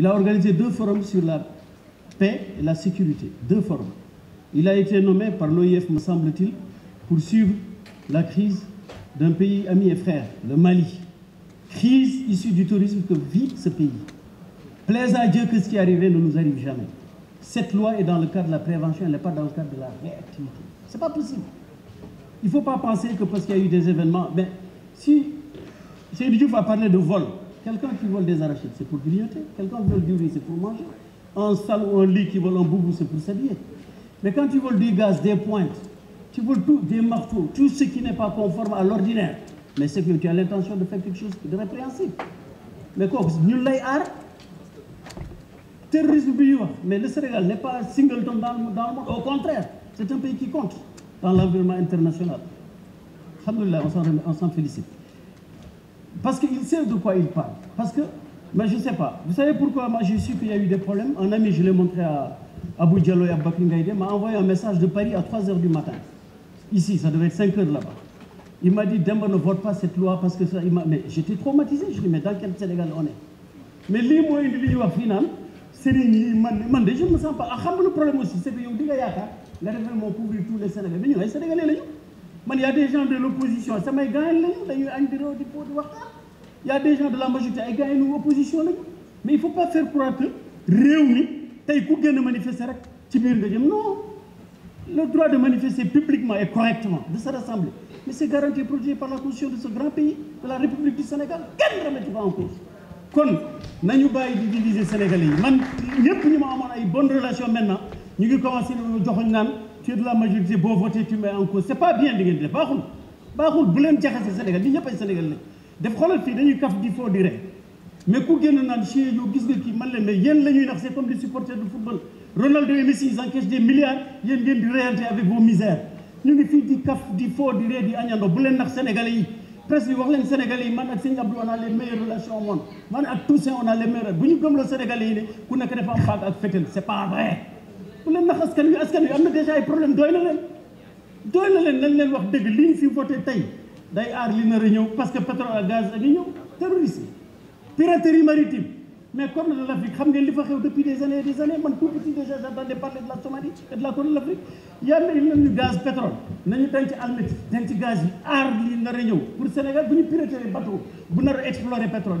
Il a organisé deux forums sur la paix et la sécurité. Deux forums. Il a été nommé par l'OIF, me semble-t-il, pour suivre la crise d'un pays ami et frère, le Mali. Crise issue du tourisme que vit ce pays. Plaise à Dieu que ce qui est arrivé ne nous arrive jamais. Cette loi est dans le cadre de la prévention, elle n'est pas dans le cadre de la réactivité. Ce n'est pas possible. Il ne faut pas penser que parce qu'il y a eu des événements... mais ben, si Seydou Diouf a parlé de vol, Quelqu'un qui vole des arachides, c'est pour grignoter. Quelqu'un qui vole du riz, c'est pour manger. Un sale ou un lit qui vole un boubou, c'est pour s'habiller. Mais quand tu voles du gaz, des pointes, tu voles tout, des marteaux, tout ce qui n'est pas conforme à l'ordinaire, mais c'est que tu as l'intention de faire quelque chose de répréhensible. Mais quoi, nul lay ar Terrorisme, mais le Sénégal n'est pas singleton dans, le monde. Au contraire, c'est un pays qui compte dans l'environnement international. Alhamdulillah, on s'en félicite. Parce qu'ils savent de quoi ils parlent. Parce que, mais je ne sais pas. Vous savez pourquoi moi j'ai su qu'il y a eu des problèmes Un ami, je l'ai montré à Abou Diallo et à Baklingaïde, m'a envoyé un message de Paris à 3h du matin. Ici, ça devait être 5h là-bas. Il m'a dit, Demba ne vote pas cette loi parce que ça... mais j'étais traumatisé. Je lui ai dit, mais dans quel Sénégal on est Mais lui, moi, il lui final. C'est man, je ne me sens pas. Ah, le problème aussi, c'est que a avez dit, vous avez couvrir tous les Sénégalais. Mais nous, les Sénégalais, les gens il y a des gens de l'opposition samay m'a gagné, il dañuy di Il y a des gens de la majorité qui gars l'opposition. opposition mais il ne faut pas faire croire que réunis, mi ku manifester rek non le droit de manifester publiquement et correctement de se rassembler mais c'est garanti protégé par la constitution de ce grand pays de la République du Sénégal Quel tu pas en cause kon nañu bàyyi di diviser Sénégalais nous man une bonne relation ay bonne relations maintenant ñu ngi commencé nous naan tu es de la majorité boo voté tu mets en cause c' pas bien li ngeen di def baaxul baaxul bu leen jaxase Sénégal li ñëpp ay Sénégal lañ def xoolal fii dañuy kaf di foo di ree mais ku génn naan chien yow gis nga kii man leen mais yéen la ñuy nax c' est comme des supporters de football Ronaldo et Messi ils encaissent des milliards yéen ngeen di réalité avec vos misères ñu ngi fii di kaf di foo di ree di añando bu leen nax sénégalais yi presse bi wax leen sénégalais yi man ak sëñ Abdou on a les meilleures relations au monde man ak Toussaint on a les meilleures bu ñu gëm le sénégalais yi ne ku nekk dafa am paag ak fétal c' pas vrai ku leen nax askan wi askan wi am na déjà ay problème doy leen doy na leen nañ leen wax dëgg li fi voté tey day aar li nar a ñëw parce que pétrole ak gaz ak ñëw terrorisme piraterie maritime mais corne de l'Afrique xam ngeen li fa xew depuis des années et des années man tout petit déjà j'entendais parler de la Somalie et de la corne de l'Afrique yàlla il nañu gaz pétrole nañu denc almet denc gaz yi aar li nar a ñëw pour Sénégal bu ñu piraterie bateau bu nar a explorer pétrole